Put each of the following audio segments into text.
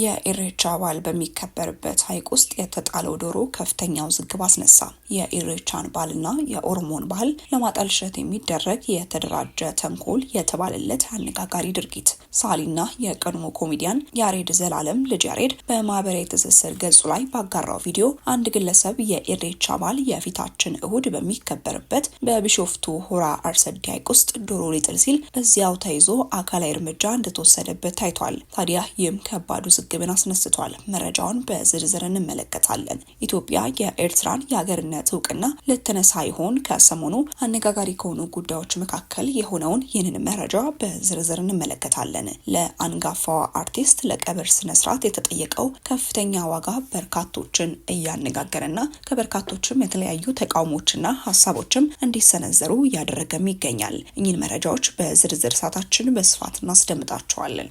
የኢሬቻ በዓል በሚከበርበት ሐይቅ ውስጥ የተጣለው ዶሮ ከፍተኛ ውዝግብ አስነሳ። የኢሬቻን በዓልና የኦሮሞን ባህል ለማጠልሸት የሚደረግ የተደራጀ ተንኮል የተባለለት አነጋጋሪ ድርጊት ሳሊና የቀድሞ ኮሚዲያን ያሬድ ዘላለም ልጅ ያሬድ በማህበራዊ ትስስር ገጹ ላይ ባጋራው ቪዲዮ አንድ ግለሰብ የኢሬቻ በዓል የፊታችን እሁድ በሚከበርበት በቢሾፍቱ ሆራ አርሰዲ ሐይቅ ውስጥ ዶሮ ሊጥል ሲል እዚያው ተይዞ አካላዊ እርምጃ እንደተወሰደበት ታይቷል። ታዲያ ይህም ከባዱ ግብን አስነስቷል። መረጃውን በዝርዝር እንመለከታለን። ኢትዮጵያ የኤርትራን የአገርነት እውቅና ልትነሳ ይሆን? ከሰሞኑ አነጋጋሪ ከሆኑ ጉዳዮች መካከል የሆነውን ይህንን መረጃ በዝርዝር እንመለከታለን። ለአንጋፋዋ አርቲስት ለቀብር ስነስርዓት የተጠየቀው ከፍተኛ ዋጋ በርካቶችን እያነጋገረና ከበርካቶችም የተለያዩ ተቃውሞችና ሀሳቦችም እንዲሰነዘሩ እያደረገም ይገኛል። እኚህን መረጃዎች በዝርዝር ሰዓታችን በስፋት እናስደምጣቸዋለን።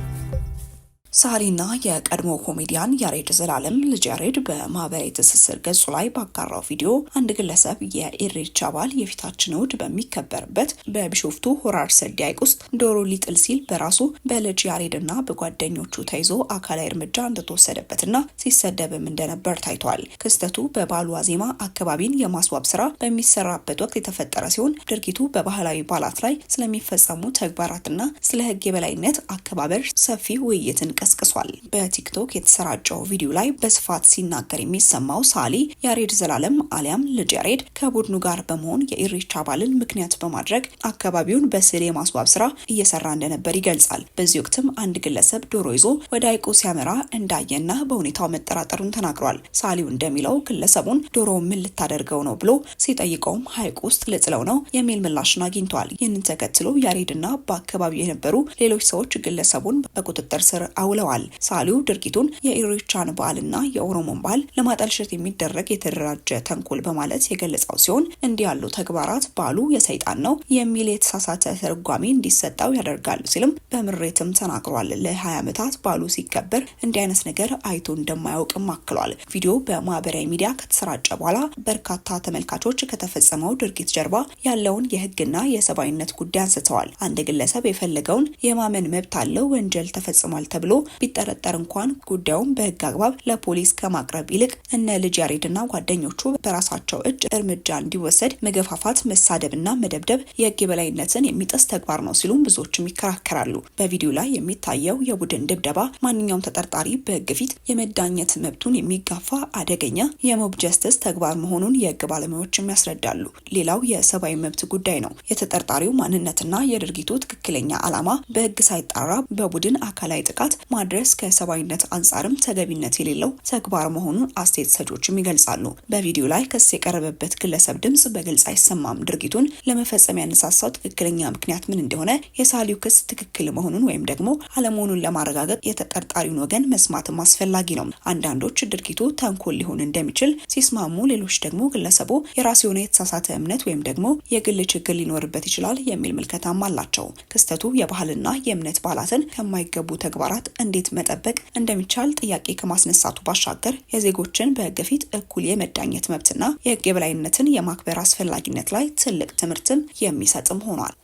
ሳሪና የቀድሞ ኮሜዲያን ያሬድ ዘላለም ልጅ ያሬድ በማህበራዊ ትስስር ገጹ ላይ ባጋራው ቪዲዮ አንድ ግለሰብ የኢሬቻ አባል የፊታችን እሁድ በሚከበርበት በቢሾፍቱ ሆራር ሰዲ ውስጥ ዶሮ ሊጥል ሲል በራሱ በልጅ ያሬድና በጓደኞቹ ተይዞ አካላዊ እርምጃ እንደተወሰደበትና ሲሰደብም እንደነበር ታይቷል። ክስተቱ በበዓሉ ዋዜማ አካባቢን የማስዋብ ስራ በሚሰራበት ወቅት የተፈጠረ ሲሆን ድርጊቱ በባህላዊ በዓላት ላይ ስለሚፈጸሙ ተግባራትና ስለ ህግ የበላይነት አከባበር ሰፊ ውይይትን ቀስ ቀስቅሷል። በቲክቶክ የተሰራጨው ቪዲዮ ላይ በስፋት ሲናገር የሚሰማው ሳሊ ያሬድ ዘላለም አሊያም ልጅ ያሬድ ከቡድኑ ጋር በመሆን የኢሬቻ በዓልን ምክንያት በማድረግ አካባቢውን በስዕል የማስዋብ ስራ እየሰራ እንደነበር ይገልጻል። በዚህ ወቅትም አንድ ግለሰብ ዶሮ ይዞ ወደ ሐይቁ ሲያመራ እንዳየና በሁኔታው መጠራጠሩን ተናግሯል። ሳሊው እንደሚለው ግለሰቡን ዶሮ ምን ልታደርገው ነው ብሎ ሲጠይቀውም ሐይቁ ውስጥ ልጥለው ነው የሚል ምላሽን አግኝተዋል። ይህንን ተከትሎ ያሬድና በአካባቢው የነበሩ ሌሎች ሰዎች ግለሰቡን በቁጥጥር ስር አው አውለዋል። ሳሊው ድርጊቱን የኢሬቻን በዓልና የኦሮሞን በዓል ለማጠልሸት የሚደረግ የተደራጀ ተንኮል በማለት የገለጸው ሲሆን እንዲህ ያሉ ተግባራት በዓሉ የሰይጣን ነው የሚል የተሳሳተ ተርጓሚ እንዲሰጠው ያደርጋሉ ሲልም በምሬትም ተናግሯል። ለ20 ዓመታት በዓሉ ሲከበር እንዲህ አይነት ነገር አይቶ እንደማያውቅም አክሏል። ቪዲዮ በማህበራዊ ሚዲያ ከተሰራጨ በኋላ በርካታ ተመልካቾች ከተፈጸመው ድርጊት ጀርባ ያለውን የህግና የሰብአዊነት ጉዳይ አንስተዋል። አንድ ግለሰብ የፈለገውን የማመን መብት አለው። ወንጀል ተፈጽሟል ተብሎ ቢጠረጠር እንኳን ጉዳዩን በህግ አግባብ ለፖሊስ ከማቅረብ ይልቅ እነ ልጅ ያሬድና ጓደኞቹ በራሳቸው እጅ እርምጃ እንዲወሰድ መገፋፋት፣ መሳደብና መደብደብ የህግ የበላይነትን የሚጥስ ተግባር ነው ሲሉም ብዙዎችም ይከራከራሉ። በቪዲዮ ላይ የሚታየው የቡድን ድብደባ ማንኛውም ተጠርጣሪ በህግ ፊት የመዳኘት መብቱን የሚጋፋ አደገኛ የሞብ ጀስትስ ተግባር መሆኑን የህግ ባለሙያዎችም ያስረዳሉ። ሌላው የሰብአዊ መብት ጉዳይ ነው። የተጠርጣሪው ማንነትና የድርጊቱ ትክክለኛ ዓላማ በህግ ሳይጣራ በቡድን አካላዊ ጥቃት ማድረስ ከሰብአዊነት አንጻርም ተገቢነት የሌለው ተግባር መሆኑን አስተያየት ሰጪዎችም ይገልጻሉ። በቪዲዮ ላይ ክስ የቀረበበት ግለሰብ ድምጽ በግልጽ አይሰማም። ድርጊቱን ለመፈጸም ያነሳሳው ትክክለኛ ምክንያት ምን እንደሆነ፣ የሳሊው ክስ ትክክል መሆኑን ወይም ደግሞ አለመሆኑን ለማረጋገጥ የተጠርጣሪውን ወገን መስማትም አስፈላጊ ነው። አንዳንዶች ድርጊቱ ተንኮል ሊሆን እንደሚችል ሲስማሙ፣ ሌሎች ደግሞ ግለሰቡ የራሱ የሆነ የተሳሳተ እምነት ወይም ደግሞ የግል ችግር ሊኖርበት ይችላል የሚል ምልከታም አላቸው። ክስተቱ የባህልና የእምነት በዓላትን ከማይገቡ ተግባራት እንዴት መጠበቅ እንደሚቻል ጥያቄ ከማስነሳቱ ባሻገር የዜጎችን በህግ ፊት እኩል የመዳኘት መብትና የህግ የበላይነትን የማክበር አስፈላጊነት ላይ ትልቅ ትምህርትም የሚሰጥም ሆኗል።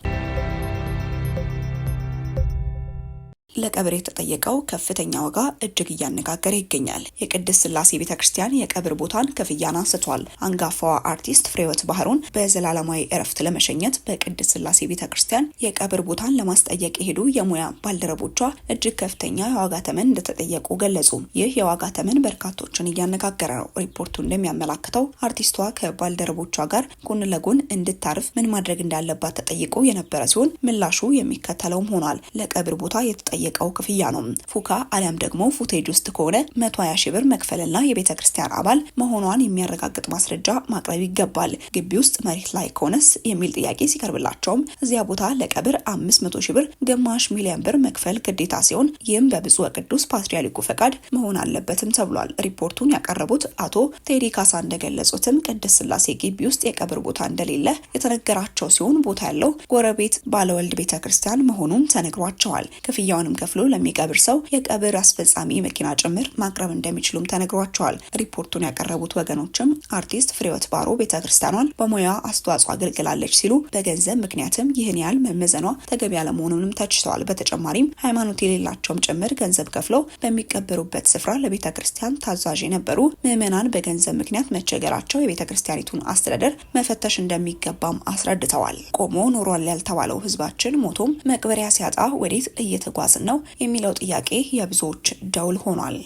ለቀብር የተጠየቀው ከፍተኛ ዋጋ እጅግ እያነጋገረ ይገኛል። የቅድስት ስላሴ ቤተ ክርስቲያን የቀብር ቦታን ክፍያን አንስቷል። አንጋፋዋ አርቲስት ፍሬወት ባህሩን በዘላለማዊ እረፍት ለመሸኘት በቅድስት ስላሴ ቤተ ክርስቲያን የቀብር ቦታን ለማስጠየቅ የሄዱ የሙያ ባልደረቦቿ እጅግ ከፍተኛ የዋጋ ተመን እንደተጠየቁ ገለጹ። ይህ የዋጋ ተመን በርካቶችን እያነጋገረ ነው። ሪፖርቱ እንደሚያመላክተው አርቲስቷ ከባልደረቦቿ ጋር ጎን ለጎን እንድታርፍ ምን ማድረግ እንዳለባት ተጠይቆ የነበረ ሲሆን ምላሹ የሚከተለውም ሆኗል። ለቀብር ቦታ የተጠየ የጠየቀው ክፍያ ነው። ፉካ አሊያም ደግሞ ፉቴጅ ውስጥ ከሆነ መቶ ሀያ ሺ ብር መክፈልና የቤተ ክርስቲያን አባል መሆኗን የሚያረጋግጥ ማስረጃ ማቅረብ ይገባል። ግቢ ውስጥ መሬት ላይ ከሆነስ የሚል ጥያቄ ሲቀርብላቸውም እዚያ ቦታ ለቀብር አምስት መቶ ሺ ብር ግማሽ ሚሊዮን ብር መክፈል ግዴታ ሲሆን ይህም በብፁዕ ወቅዱስ ፓትርያርኩ ፈቃድ መሆን አለበትም ተብሏል። ሪፖርቱን ያቀረቡት አቶ ቴዲ ካሳ እንደገለጹትም ቅድስት ስላሴ ግቢ ውስጥ የቀብር ቦታ እንደሌለ የተነገራቸው ሲሆን ቦታ ያለው ጎረቤት ባለወልድ ቤተ ክርስቲያን መሆኑን ተነግሯቸዋል። ክፍያውንም ከፍሎ ለሚቀብር ሰው የቀብር አስፈጻሚ መኪና ጭምር ማቅረብ እንደሚችሉም ተነግሯቸዋል። ሪፖርቱን ያቀረቡት ወገኖችም አርቲስት ፍሬወት ባሮ ቤተ ክርስቲያኗን በሙያ አስተዋጽኦ አገልግላለች ሲሉ በገንዘብ ምክንያትም ይህን ያህል መመዘኗ ተገቢ ያለመሆኑንም ተችተዋል። በተጨማሪም ሃይማኖት የሌላቸውም ጭምር ገንዘብ ከፍለው በሚቀበሩበት ስፍራ ለቤተ ክርስቲያን ታዛዥ የነበሩ ምዕመናን በገንዘብ ምክንያት መቸገራቸው የቤተ ክርስቲያኒቱን አስተዳደር መፈተሽ እንደሚገባም አስረድተዋል። ቆሞ ኖሯል ያልተባለው ህዝባችን ሞቶም መቅበሪያ ሲያጣ ወዴት እየተጓዝን ነው የሚለው ጥያቄ የብዙዎች ደውል ሆኗል።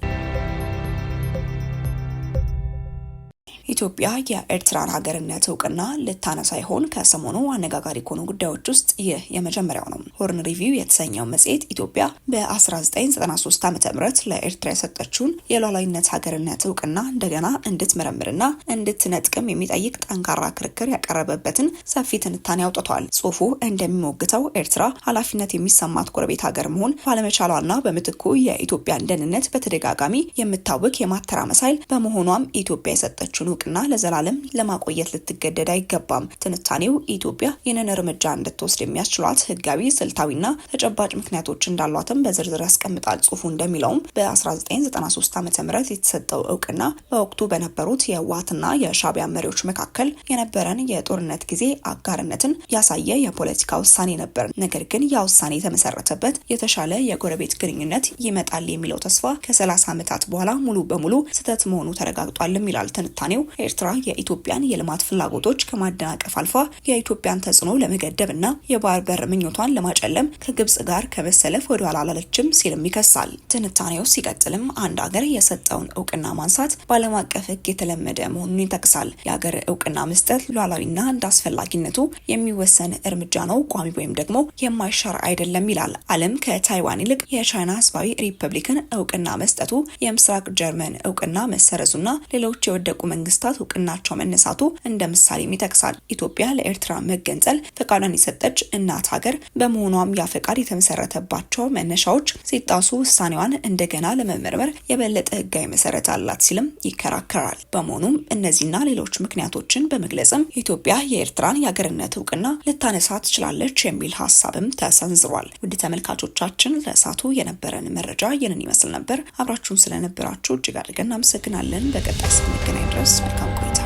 ኢትዮጵያ የኤርትራን ሀገርነት እውቅና ልታነ ሳይሆን ከሰሞኑ አነጋጋሪ ከሆኑ ጉዳዮች ውስጥ ይህ የመጀመሪያው ነው። ሆርን ሪቪው የተሰኘው መጽሔት ኢትዮጵያ በ1993 ዓ ም ለኤርትራ የሰጠችውን የሉዓላዊነት ሀገርነት እውቅና እንደገና እንድትመረምርና እንድትነጥቅም የሚጠይቅ ጠንካራ ክርክር ያቀረበበትን ሰፊ ትንታኔ አውጥቷል። ጽሁፉ እንደሚሞግተው ኤርትራ ኃላፊነት የሚሰማት ጎረቤት ሀገር መሆን ባለመቻሏና በምትኩ የኢትዮጵያን ደህንነት በተደጋጋሚ የምታወቅ የማተራመስ ኃይል በመሆኗም ኢትዮጵያ የሰጠችውን እውቅና ለዘላለም ለማቆየት ልትገደድ አይገባም። ትንታኔው ኢትዮጵያ ይህንን እርምጃ እንድትወስድ የሚያስችሏት ህጋዊ፣ ስልታዊና ተጨባጭ ምክንያቶች እንዳሏትም በዝርዝር ያስቀምጣል። ጽሁፉ እንደሚለውም በ1993 ዓ ም የተሰጠው እውቅና በወቅቱ በነበሩት የህወሓትና የሻቢያ መሪዎች መካከል የነበረን የጦርነት ጊዜ አጋርነትን ያሳየ የፖለቲካ ውሳኔ ነበር። ነገር ግን ያ ውሳኔ የተመሰረተበት የተሻለ የጎረቤት ግንኙነት ይመጣል የሚለው ተስፋ ከ30 ዓመታት በኋላ ሙሉ በሙሉ ስህተት መሆኑ ተረጋግጧልም ይላል ትንታኔው። ኤርትራ የኢትዮጵያን የልማት ፍላጎቶች ከማደናቀፍ አልፏ የኢትዮጵያን ተጽዕኖ ለመገደብና የባህር በር ምኞቷን ለማጨለም ከግብጽ ጋር ከመሰለፍ ወደ ኋላ አላለችም ሲልም ይከሳል። ትንታኔው ሲቀጥልም አንድ ሀገር የሰጠውን እውቅና ማንሳት በዓለም አቀፍ ሕግ የተለመደ መሆኑን ይጠቅሳል። የሀገር እውቅና መስጠት ሉዓላዊና እንደ አስፈላጊነቱ የሚወሰን እርምጃ ነው፣ ቋሚ ወይም ደግሞ የማይሻር አይደለም ይላል። ዓለም ከታይዋን ይልቅ የቻይና ህዝባዊ ሪፐብሊክን እውቅና መስጠቱ፣ የምስራቅ ጀርመን እውቅና መሰረዙና ሌሎች የወደቁ መንግስት መንግስታት እውቅናቸው መነሳቱ እንደ ምሳሌም ይጠቅሳል። ኢትዮጵያ ለኤርትራ መገንጸል ፈቃዷን የሰጠች እናት ሀገር በመሆኗም ያ ፈቃድ የተመሰረተባቸው መነሻዎች ሲጣሱ ውሳኔዋን እንደገና ለመመርመር የበለጠ ህጋዊ መሰረት አላት ሲልም ይከራከራል። በመሆኑም እነዚህና ሌሎች ምክንያቶችን በመግለጽም ኢትዮጵያ የኤርትራን የሀገርነት እውቅና ልታነሳ ትችላለች የሚል ሀሳብም ተሰንዝሯል። ውድ ተመልካቾቻችን ለእሳቱ የነበረን መረጃ ይህንን ይመስል ነበር። አብራችሁን ስለነበራችሁ እጅግ አድርገን እናመሰግናለን። በቀጣይ እስክንገናኝ ድረስ 刚回家。